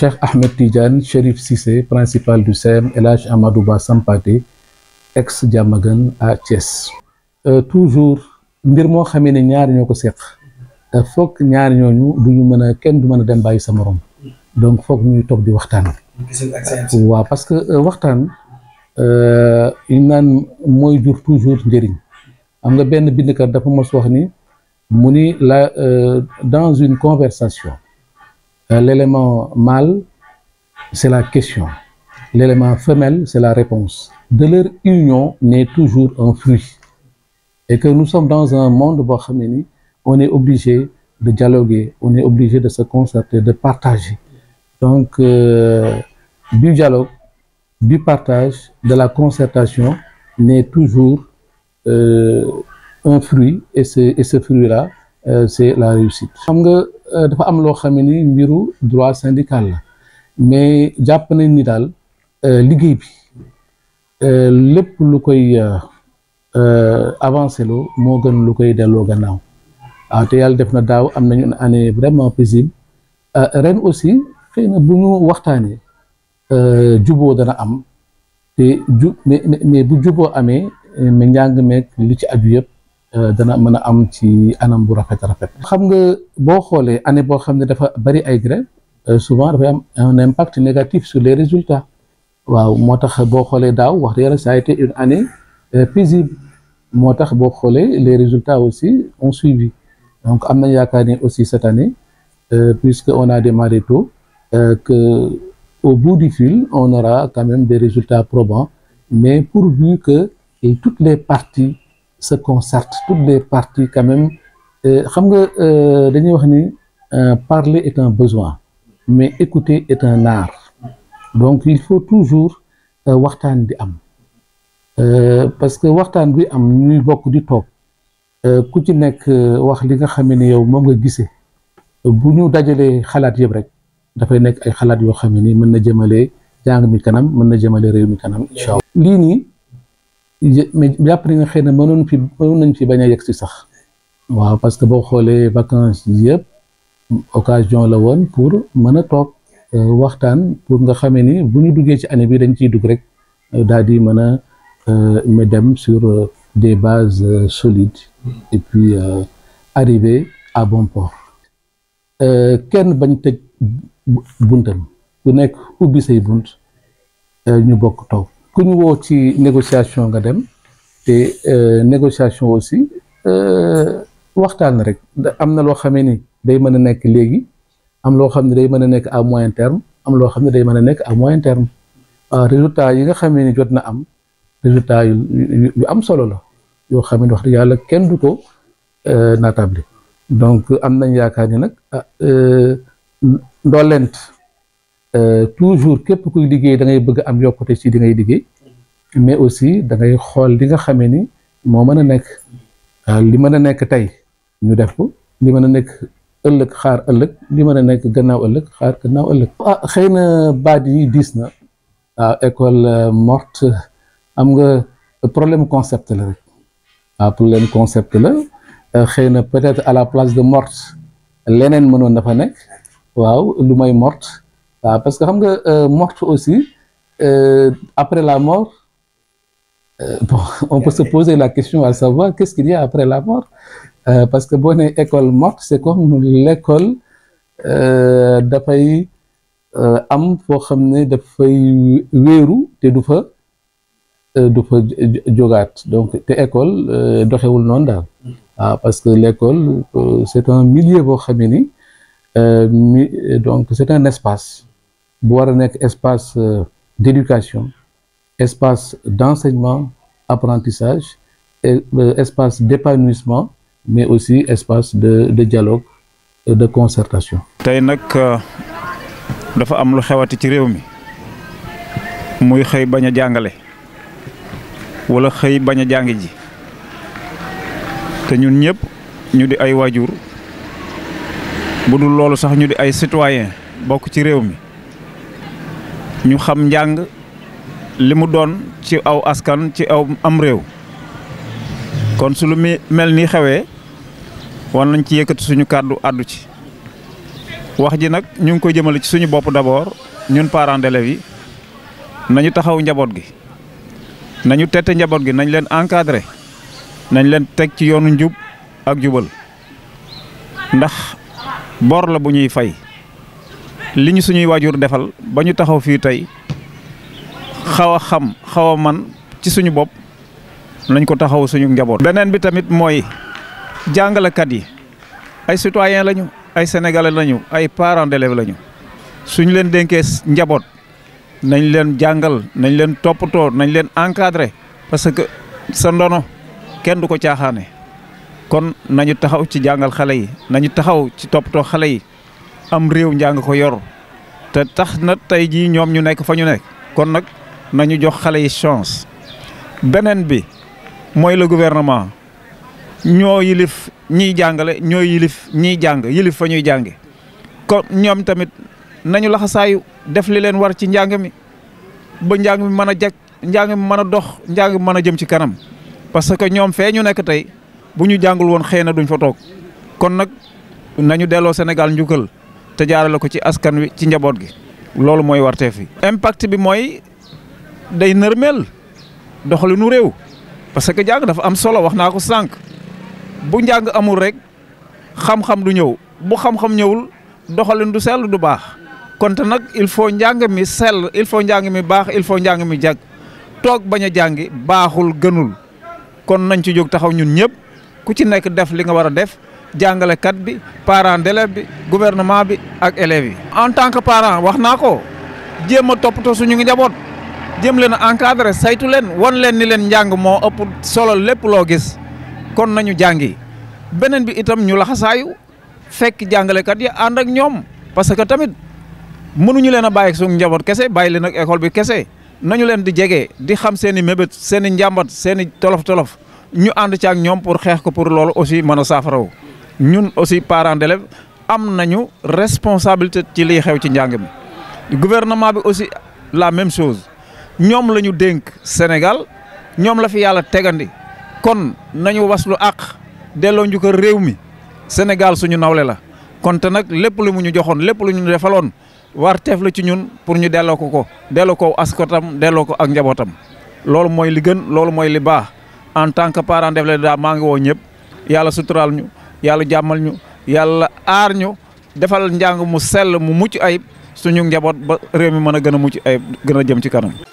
Cheikh Ahmed Tidiane Chérif Cissé principal du CEM El Hadj Amadou Ba Sampaté ex Diamaguène à Thiès. Euh, toujours mbir moo xamee ne ñaari ñoo ko seq foog ñaari ñooñu du ñu mën a kenn du mën a dem bàyyi sa moroom donc foog ñuy toog di waxtaan. waa parce que euh, waxtaan euh, ñu mooy jur toujours njëriñ am nga benn bindkat dafa mos wax ni mu ni la dans une conversation. Euh, l'élément mâle, c'est la question. L'élément femelle, c'est la réponse. De leur union naît toujours un fruit. Et que nous sommes dans un monde, on est obligé de dialoguer, on est obligé de se concerter, de partager. Donc, euh, du dialogue, du partage, de la concertation, naît toujours euh, un fruit. Et, et ce fruit-là, euh, c'est la réussite. Euh, dafa am loo xam ni mbiru droit syndical la mais jàpp nañ ni daal euh, liggéey bi euh, lépp lu koy avancé loo moo gën lu koy delloo gannaaw waaw ah, te yàlla def na daaw am nañu une année vraiment paisible ren aussi xëy na bu ñu waxtaanee juboo dana am te ju mais bu juboo amee mais njàng meeg li ci aju yëpp. Euh, dana mën a am ci anam bu rafet rafet. xam nga boo xoolee année boo xam ne dafa bari ay grève euh, souvent dafay am un impact négatif sur les résultats waaw moo tax boo xoolee daaw wax dëgg yàlla ça a été une année euh, paisible moo tax boo xoolee les résultats aussi ont suivi donc am nañ yaakaar ne aussi cette année puisque on a démarré tôt que au bout du fil on aura quand même des résultats probants mais pourvu que toutes les parties se concertent toutes les partie quand même euh, xam nga euh, dañuy wax ni euh, parler est un besoin mais écouter est un art donc il faut toujours waxtaan di am parce que waxtaan bi am ñuy bokk di toog ku ci nekk wax li nga xamee ne yow moom nga gisee bu ñu dajalee xalaat yëpp rek dafay nekk ay xalaat yoo xam ne nii mën na jëmalee jàng mi kanam mën na jëmalee réew mi kanam incha mais jàpp nañ ne xëy na mënoon fi mënoon nañ fi bañ a yegg si sax waaw parce que boo xoolee vacances yëpp occasion la woon pour mën a toog euh, waxtaan pour nga xamee ni bu ñu duggee ci année bi dañ ciy dugg rek euh, daal di mën a euh, me dem sur des bases solides et puis arriver à bon port kenn bañ teg buntam ku nekk ubbi say bunt ñu bokk toog ku ñu woo ci négociation nga dem te euh, négociation aussi euh, waxtaan rek am na loo xamee ni day mën a nekk léegi am loo xam ne day mën a nekk à moyen terme am loo xam ne day mën a nekk à moyen terme ah, résultat yi nga xamee ni jot na am résultat yu yu am solo la yoo xam ne wax dëgg yàlla kenn du ko euh, naatable donc am nañ yaakaar ni nag ah, ndollent Euh, toujours képp kuy liggéey da ngay bëgg am yokkute ci li ngay liggéey mais aussi da xool li nga xamee ni moo mën a nekk euh, li mën a nekk tey ñu def ko li mën a nekk ëllëg xaar ëllëg li mën a nekk gannaaw ëllëg xaar gannaaw ëllëg. ah xëy na baat yi diis na. waaw ah, école euh, morte am nga problème concept la rek waaw ah, problème concept la xëy na peut-être à la place de morte leneen mënoon dafa fa nekk waaw lu may morte. waaw parce que xam nga euh, mort aussi euh, après la mort euh, bon on peut se poser la question à savoir qu'est-ce qu'il après la mort parce que boo nee école morte c'est comme l'école dafay am foo xam ne dafay wéeru te du fa du fa donc te école doxewul noon daal parce que l'école c'est un milieu boo xam ne ni donc c'est un espace bu war a nekk espace euh, d'éducation espace d'enseignement apprentissage et euh, espace d'épanouissement mais aussi espace de de dialogue euh, de concertation. tey nag dafa am lu xewati ci réew mi muy xëy bañ a jàngale wala xëy bañ a jàng ji te ñun ñëpp ñu di ay waajur bu dul loolu sax ñu di ay citoyen bokk ci réew mi. ñu xam njàng li mu doon ci aw askan ci aw am réew kon su lu mel nii xewee war nañ ci yëkkati suñu kàddu àddu ci wax ji nag ñu ngi koy jëmale ci suñu bopp d'abord ñun parents d'élèves yi nañu taxaw njaboot gi nañu tette njaboot gi nañ leen encadré nañ leen teg ci yoonu njub ak jubal ndax bor la bu ñuy fay li ñu suñuy waajur defal ba ñu taxaw fii tey xaw a xam xaw a man ci suñu bopp nañ ko taxaw suñu njaboot. beneen bi tamit mooy jàngalekat yi ay citoyen lañu ay sénégalais lañu ay parents d'élèves lañu suñu leen dénkee njaboot nañ leen jàngal nañ leen toppatoo nañ leen encadré parce que sa ndono kenn du ko caaxaane kon nañu taxaw ci jàngal xale yi nañu taxaw ci toppatoo xale yi. am réew njàng ko yor te tax na tey jii ñoom ñu nekk fa ñu nekk kon nag nañu jox xale yi chance beneen bi mooy la gouvernement ñoo yilif ñiy jàngale ñoo yilif ñiy jàng yilif fa ñuy jànge kon ñoom tamit nañu laxasaayu def li leen war ci njàng mi ba njàng mi mën a jag njàng mi mën a dox njàng mi mën a jëm ci kanam parce que ñoom fee ñu nekk tey bu ñu jàngul woon xëy na duñ fa toog kon nag nañu delloo Sénégal njukkal te jaarale ko ci askan wi ci njaboot gi loolu mooy warte yi impact bi mooy day nërmeel doxalinu réew parce que jàng dafa am solo wax naa ko sànq bu njàng amul rek xam-xam du ñëw bu xam-xam ñëwul doxalin du sell du baax kon te nag il faut njàng mi sel il faut njàng mi baax il faut njàng mi jag toog bañ a jàngi baaxul gënul kon nañ ci jóg taxaw ñun ñëpp ku ci nekk def li nga war a def jàngalekat bi parent d'élève bi gouvernement bi ak élèves yi. en tant que parent wax naa ko jéem a toppatoo suñu njaboot jéem leen a encadré saytu leen wan leen ni leen njàng moo ëpp solo lépp loo gis kon nañu jàngi beneen bi itam ñu laxasaayu fekk jàngalekat yi ànd ak ñoom parce que tamit mënuñu leen a bàyyi suñu njaboot kese bàyyi leen ak école bi kese nañu leen di jege di xam seen i mébét seen i njàmbat seen i tolof tolof. ñu ànd ci ak ñoom pour xeex ko pour loolu aussi mën a saafaraw ñun aussi parents am nañu responsabilité ci liy xew ci njàng mi gouvernement bi aussi la même chose ñoom la ñu dénk Sénégal ñoom la fi yàlla tegandi kon nañu waslu àq delloo njukkal réew mi Sénégal suñu nawle la kon te nag lépp lu mu ñu joxoon lépp lu ñu defaloon war teef la ci ñun pour ñu delloo ko ko delloo ko askotam delloo ko ak njabootam loolu mooy li gën loolu mooy li baax en tant que parent Ndefleng Dada maa ngi woo ñëpp yàlla suturaal ñu yàlla jàmmal ñu yàlla aar ñu defal njàng mu sell mu mucc ayib suñu njaboot ba réew mi mën a gën a mucc ayib gën a jëm ci kanam.